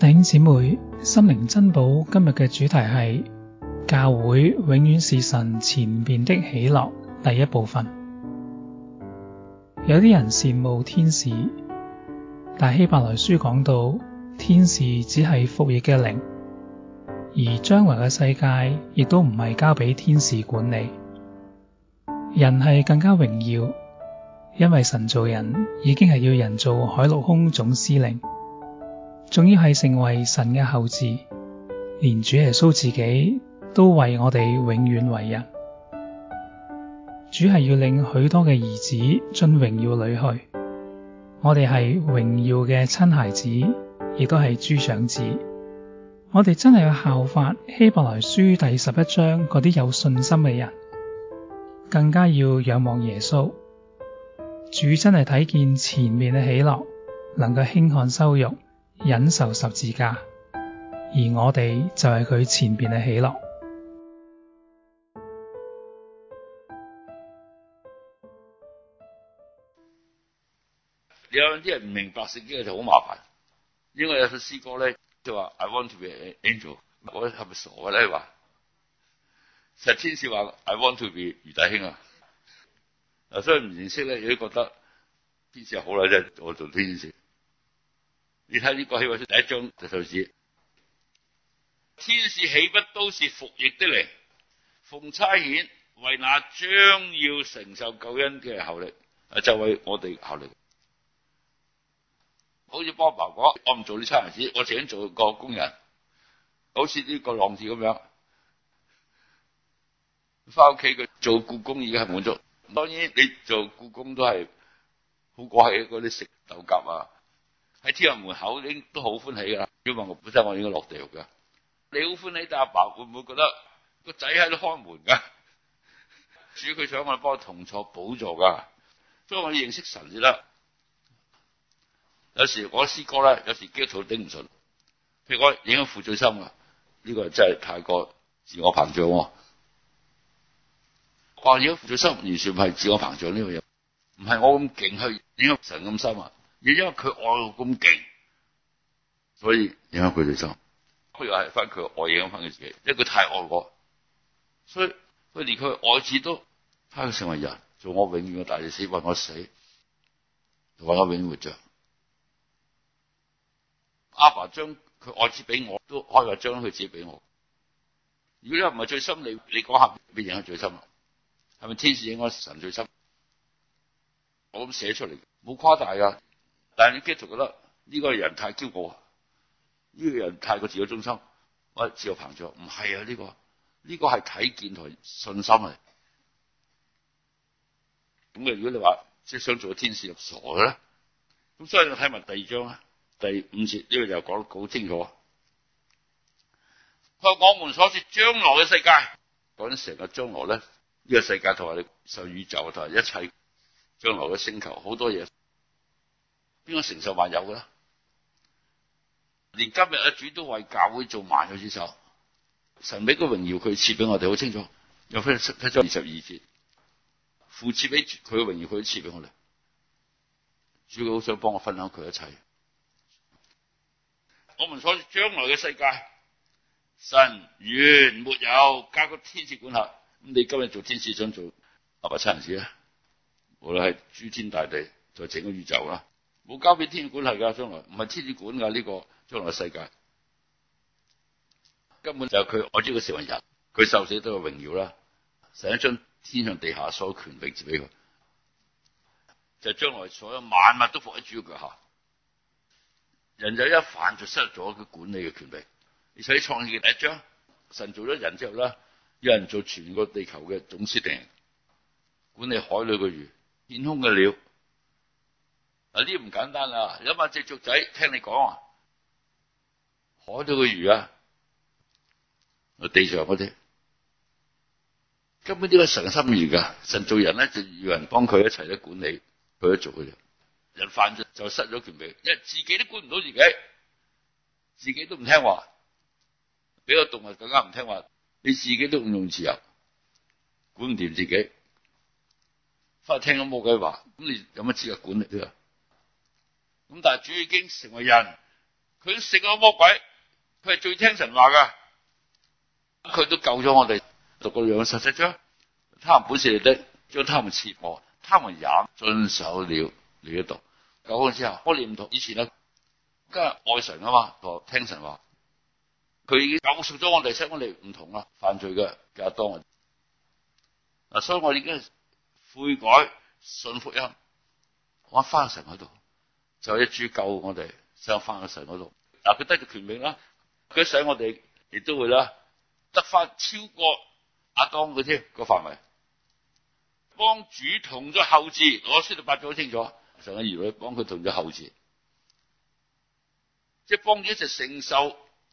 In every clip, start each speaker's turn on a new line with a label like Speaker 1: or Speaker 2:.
Speaker 1: 頂姊妹，心靈珍寶今日嘅主題係教會永遠是神前面的喜樂，第一部分。有啲人羨慕天使，但希伯來書講到，天使只係服役嘅靈，而將來嘅世界亦都唔係交俾天使管理。人係更加榮耀，因為神造人，已經係要人做海陸空總司令。仲要係成為神嘅後子，連主耶穌自己都為我哋永遠為人。主係要領許多嘅兒子進榮耀裏去。我哋係榮耀嘅親孩子，亦都係諸長子。我哋真係要效法希伯來書第十一章嗰啲有信心嘅人，更加要仰望耶穌。主真係睇見前面嘅喜樂，能夠輕看羞辱。忍受十字架，而我哋就係佢前面嘅喜樂。
Speaker 2: 有啲人唔明白聖經嘅就好麻煩，因為有首詩歌咧就話 I want to be an angel，我係咪傻咧？話其實天使話 I want to be 余大兄啊，所以唔認識咧，亦都覺得天使好啦啫，我做天使。你睇呢個起位，第一張就手指，天使豈不都是服役的靈，奉差遣為那將要承受救恩嘅效力，就為我哋效力。好似波爸 b 講，我唔做你差人子，我想做個工人。好似呢個浪子咁樣，翻屋企佢做故宮已經係滿足。當然，你做故宮都係好過嘅，嗰啲食豆夾啊。喺天日門口已經都好歡喜噶啦！因為我本身我應該落地獄噶。你好歡喜，但阿爸，爸會唔會覺得個仔喺度開門㗎？主佢想我幫佢同坐補助㗎。所以我認識神先得。有時我詩歌咧，有時基督徒頂唔順，譬如我影響負罪心啊，呢、這個真係太過自我膨脹。慣咗負罪心，完全係自我膨脹呢個嘢，唔係我咁勁，去影響神咁深啊！亦因為佢愛我咁勁，所以影響佢哋心。佢又係翻佢愛，影咁翻佢自己，因為佢太愛我，所以佢連佢愛子都佢成為人，做我永遠嘅大祭司，為我死，為我永活著。阿爸，爸將佢愛子俾我都，阿爸將佢自己俾我。如果又唔係最深，你你講下邊影響最深啊？係咪天使影響神最深？我咁寫出嚟，冇誇大噶，啊。但係你基督徒覺得呢個人太驕傲，呢、這個人太過自我中心，我自我膨脹。唔係啊，呢、這個呢、這個係睇見同信心嚟。咁嘅，如果你話即係想做天使又傻嘅咧。咁所以你睇埋第二章啊，第五節呢、這個就講得好清楚。啊。佢我門所說將來嘅世界，講成個將來咧，呢、這個世界同埋你受宇宙同埋一切將來嘅星球好多嘢。邊個承受萬有嘅咧？連今日阿主都為教會做萬有之首，神俾個榮耀佢賜俾我哋，好清楚。又翻十七章二十二節，父賜俾佢嘅榮耀，佢都賜俾我哋。主佢好想幫我分享佢一切。我們所說將來嘅世界，神原沒有交個天使管轄。咁你今日做天使，想做阿伯差人子啊？無論係諸天大地，就整個宇宙啦。冇交俾天使管係噶將來唔係天使管噶呢、這個將來世界，根本就係佢我知個成為人，佢受死都有榮耀啦。神將天上地下所有權力接俾佢，就將、是、來所有萬物都放喺主嘅腳下。人就一犯就失咗佢管理嘅權柄。而且創世記第一章，神做咗人之後咧，有人做全個地球嘅總司令，管理海裏嘅魚、天空嘅鳥。呢啲唔簡單啦！有隻雀仔聽你講啊，海度嘅魚啊，個地上嗰啲根本呢個神嘅心意㗎。神做人咧就要人幫佢一齊咧管理佢啲族嘅人，人犯咗就失咗權柄，因為自己都管唔到自己，自己都唔聽話，俾個動物更加唔聽話，你自己都唔用自由，管唔掂自己，翻嚟聽緊魔鬼話，咁你有乜資格管理佢啊？咁但係主已經成為人，佢食咗魔鬼，佢係最聽神話噶，佢都救咗我哋讀個兩十七章，他們本是你的，將他們賜我，他們也遵守了你一度，救咁之後我哋唔同以前啦，梗係愛神啊嘛，我聽神話，佢已經救贖咗我哋，使我哋唔同啦，犯罪嘅亞當啊，所以我已經悔改信福音，我翻神喺度。就一株夠我哋，想返去神嗰度。嗱、啊，佢得個權柄啦，佢想我哋亦都會啦，得返超過阿當嗰啲個範圍，幫主同咗後嗣。我先頭發咗好清楚，神嘅兒女幫佢同咗後嗣，即係幫主一直承受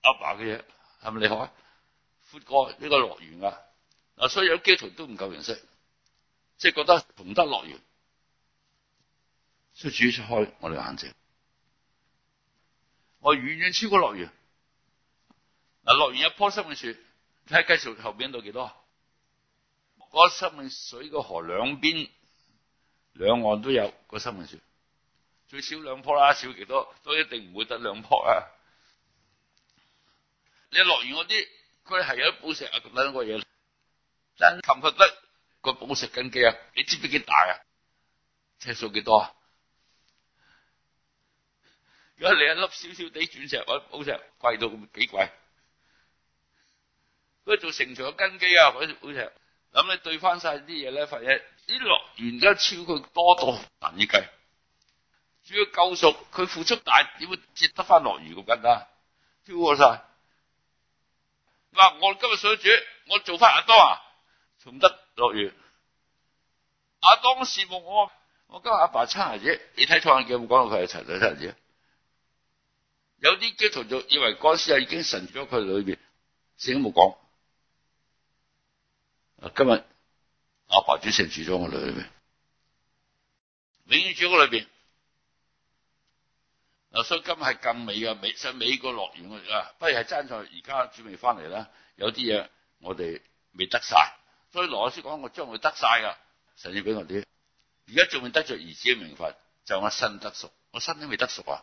Speaker 2: 阿爸嘅嘢，係咪你學啊？闊過呢個樂園啊！嗱，所以有基督徒都唔夠認識，即係覺得同得樂園。先主要出開我哋眼睛，我遠遠超過樂園嗱，樂園有棵生命樹，睇下計數後邊度幾多？個生命水個河兩邊兩岸都有個生命樹，最少兩棵啦，少幾多少都一定唔會得兩棵啊！你樂園嗰啲佢係有寶石啊咁樣個嘢，但係冚唪唥得個寶石根基啊，你知唔知幾大啊？計數幾多啊？如果你一粒少少地鑽石或者寶石，貴到咁幾貴？嗰做城牆嘅根基啊！好啲寶石，咁你對翻曬啲嘢咧，發現啲樂園而家超過多到難以計。主要救贖，佢付出大，點會接得翻樂園咁簡單？超過曬嗱、啊！我今日想煮，我做翻阿當啊，存得樂園。阿當羨慕我，我今日阿爸撐銀紙，你睇錯人叫咁講到佢係陳仔撐銀紙。有啲基督徒就以為嗰時啊已經神住咗佢裏面，神都冇講。今日阿爸，爸主神住咗我裏面，永遠住喺裏面。所以今日係咁美嘅，美真係美過樂園。啊，不如係爭在而家準備翻嚟啦。有啲嘢我哋未得曬，所以羅老師講我將會得曬㗎，神要俾我啲。而家仲未得着兒子嘅名份，就我身得熟，我身都未得熟啊。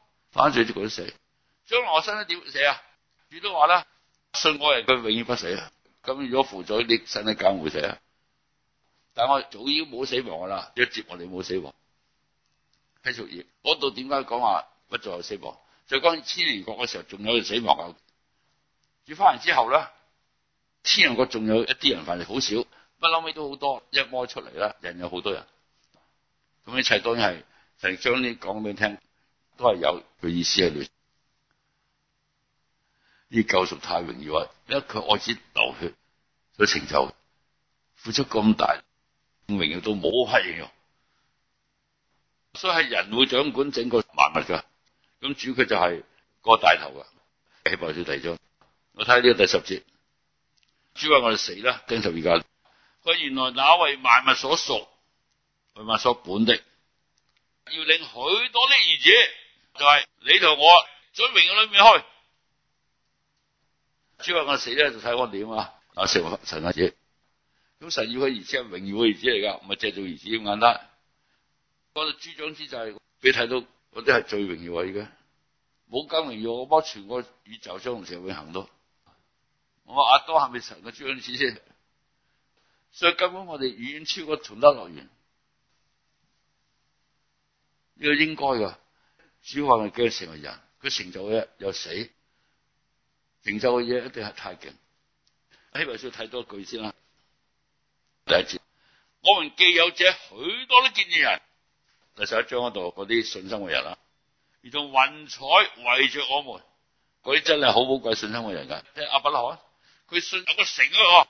Speaker 2: 犯水啲佢死，將來我身都點死啊？主都話啦，信我嘅佢永遠不死。咁如果附咗啲身體梗會死啊！但係我早已冇死亡噶啦，嘅接我你冇死亡。批屬業嗰度點解講話不再有死亡？就講千年國嘅時候仲有死亡啊！主翻嚟之後咧，千年國仲有一啲人份，好少，不嬲尾都好多一摸出嚟啦，人有好多人。咁一切當然係成將啲講俾你聽。都係有個意思喺度，呢救贖太榮耀，因佢愛子流血所成就，付出咁大，榮耀到冇黑嘢用，所以係人會掌管整個萬物㗎，咁主佢就係個大頭啦。希伯來書第二章，我睇下呢第十節，主話我哋死啦，經十二架。佢原來那為萬物所屬，為萬物所本的，要領許多的兒子。就係你同我最榮耀裏面開，主話我死咧就睇我點啊！阿、啊啊、神、啊、神兒、啊、子，咁神要佢兒子係榮耀嘅兒子嚟噶，唔係借做兒子咁簡單。講、那個、到主將之祭，你睇到嗰啲係最榮耀啊！而家冇咁榮耀，我幫全個宇宙、全同社會行到。我話阿多係咪神嘅主將之祭？所以根本我哋遠遠超過崇德樂園，呢、這個應該噶。小王又驚成個人，佢成就嘅嘢，又死，成就嘅嘢一定係太勁。哎，我再睇多句先啦。第一節，我們既有這許多的見證人，第十一章嗰度嗰啲信心嘅人啦，如同雲彩圍住我們，嗰啲真係好寶貴信心嘅人噶。即係阿伯啦，佢信有個城啊，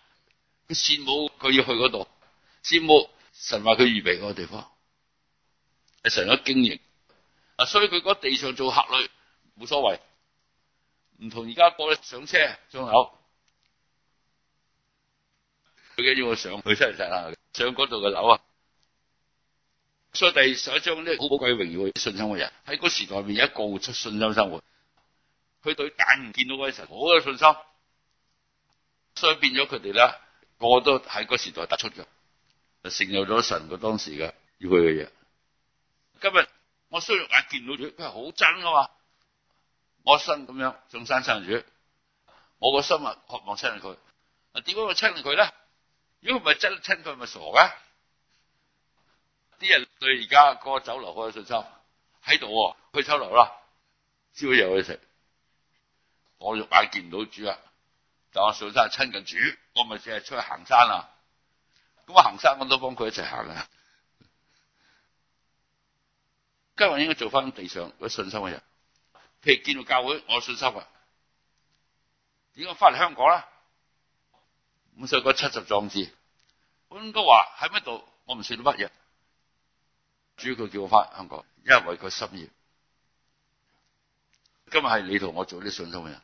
Speaker 2: 佢羨慕佢要去嗰度，羨慕神為佢預備嗰個地方，係神嘅經營。所以佢嗰地上做客旅冇所謂，唔同而家過上車上樓，最緊要我上去出嚟晒啦，上嗰度嘅樓啊！所以第十一章咧好寶貴榮耀信心嘅人，喺嗰時代入面有一個活出信心生活，佢對但唔見到嗰神，好有信心，所以變咗佢哋咧，個個都喺嗰時代突出嘅，成就咗神嘅當時嘅要佢嘅嘢。今日。我肉眼見到佢，佢係好真噶嘛！我身咁樣上山親住，我個心啊渴望親佢。啊點解我親佢咧？如果唔係真親佢，咪傻噶？啲人對而家個酒樓好有信心喺度喎，去酒樓啦，朝早去食。我肉眼見唔到主啊，但我上山係親緊主，我咪淨係出去行山啦、啊。咁我行山我都幫佢一齊行啊！今日應該做翻地上個信心嘅人，譬如見到教會，我有信心啊！點解翻嚟香港啦？五十嗰七十壯志，本哥話喺乜度？我唔算到乜嘢，主要佢叫我翻香港，因為佢心意。今日係你同我做啲信心嘅人，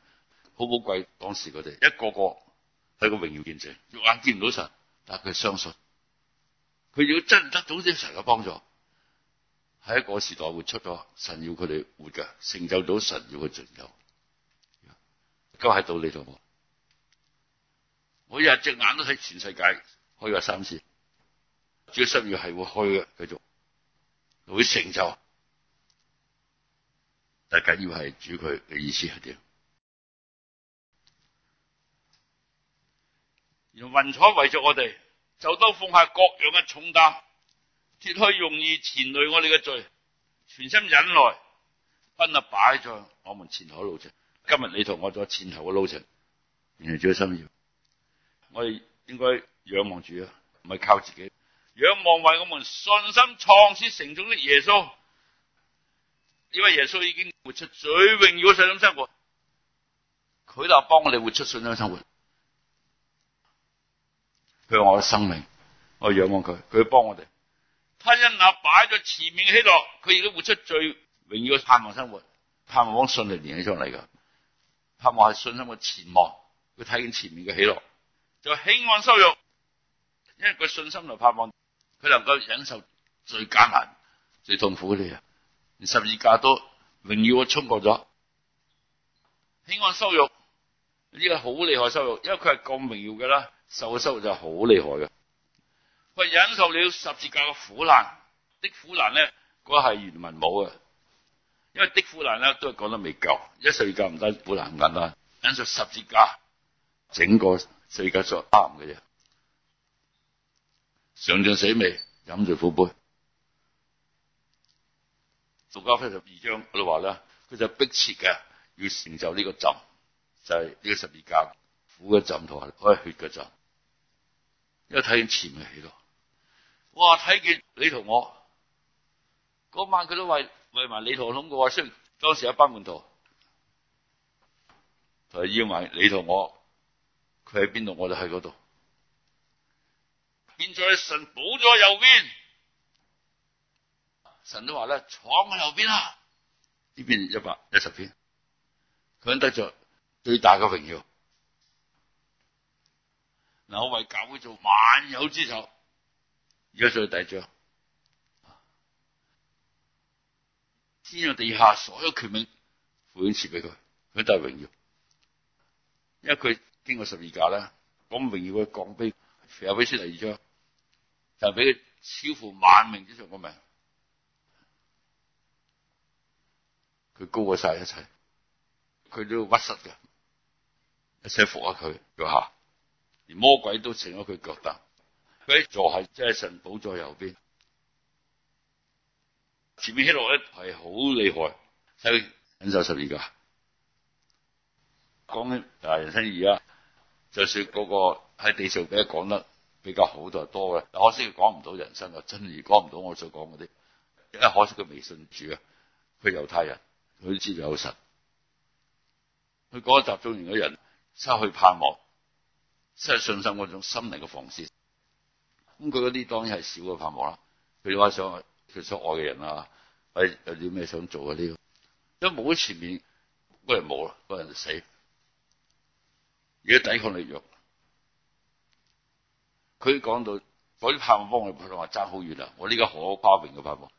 Speaker 2: 好寶貴。當時佢哋一個個係個榮耀見證，肉眼見唔到神，但佢相信，佢要真得到啲神嘅幫助。喺一個時代活出咗神要佢哋活嘅成就到神要嘅成就，咁係道理同我，我日隻眼都睇全世界，開個三次，主要心意係會開嘅，繼續會成就，大家要係主佢嘅意思係點？用雲彩圍住我哋，就都放下各樣嘅重擔。脫去容易纏累我哋嘅罪，全心忍耐，奔那擺在我們前頭嘅路程。今日你同我做前頭嘅路程，原嚟最深奧。我哋應該仰望主啊，唔係靠自己。仰望為我們信心創始成終嘅耶穌，因為耶穌已經活出最榮耀嘅信心生活，佢就幫我哋活出信心生活。佢係我嘅生命，我仰望佢，佢幫我哋。他因那擺咗前面嘅喜樂，佢亦都活出最榮耀嘅盼望生活。盼望往信嚟，連起上嚟㗎，盼望係信心嘅前望，佢睇見前面嘅喜樂，就輕看羞辱。因為佢信心嚟盼望，佢能夠忍受最艱難、最痛苦嘅嘢。而十字架都榮耀我衝過咗，輕看羞辱呢個好厲害羞辱，因為佢係咁榮耀㗎啦，受嘅羞辱就好厲害嘅。佢忍受了十字架嘅苦難，的苦難呢，嗰、那、係、個、原文冇嘅，因為的苦難呢，都係講得未夠，一歲教唔得苦難銀啊！忍受十字架，整個世界上啱嘅嘢，上盡死未飲住苦杯。路加福音十二章佢話咧，佢就迫切嘅要成就呢個浸，就係、是、呢個十字架苦嘅浸同埋哀血嘅浸，因為睇前面嘅喜樂咯。我睇見你同我嗰、那個、晚，佢都為為埋你同我個話，雖然當時一班門徒佢要埋你同我，佢喺邊度我就喺嗰度。現在神保咗右邊，神都話咧，坐喺右邊啦、啊。呢邊一百一十篇，佢得咗最大嘅榮耀。我為教會做萬有之首而家再第二章，天上地下所有權柄全賜俾佢，佢得榮耀，因為佢經過十字架啦，咁榮耀佢降卑，又俾出第二章，就俾佢超乎萬名之上嘅名，佢高過晒一切，佢都屈膝嘅，一切服啊佢腳下，連魔鬼都成咗佢腳凳。嗰一座係即係神寶座右邊，前面嘅喜樂係好厲害，係忍受十字架。講起啊人生意義啦，就算嗰個喺地上俾講得比較好就多嘅，但可惜佢講唔到人生啊，真係講唔到我所講嗰啲。一可惜佢未信主啊，佢猶太人，佢知道有神，佢嗰個集中營嘅人，的人失去盼望、失去信心嗰種心靈嘅防線。咁佢嗰啲當然係少嘅盼望啦，譬如話想佢所愛嘅人呀、啊，係、哎、有啲咩想做啊呢、呢個？因為冇喺前面，嗰人冇啦，嗰人就死，而家抵抗力弱。佢講到嗰啲盼望幫佢，佢同我爭好遠啊！我呢個好誇榮嘅盼望。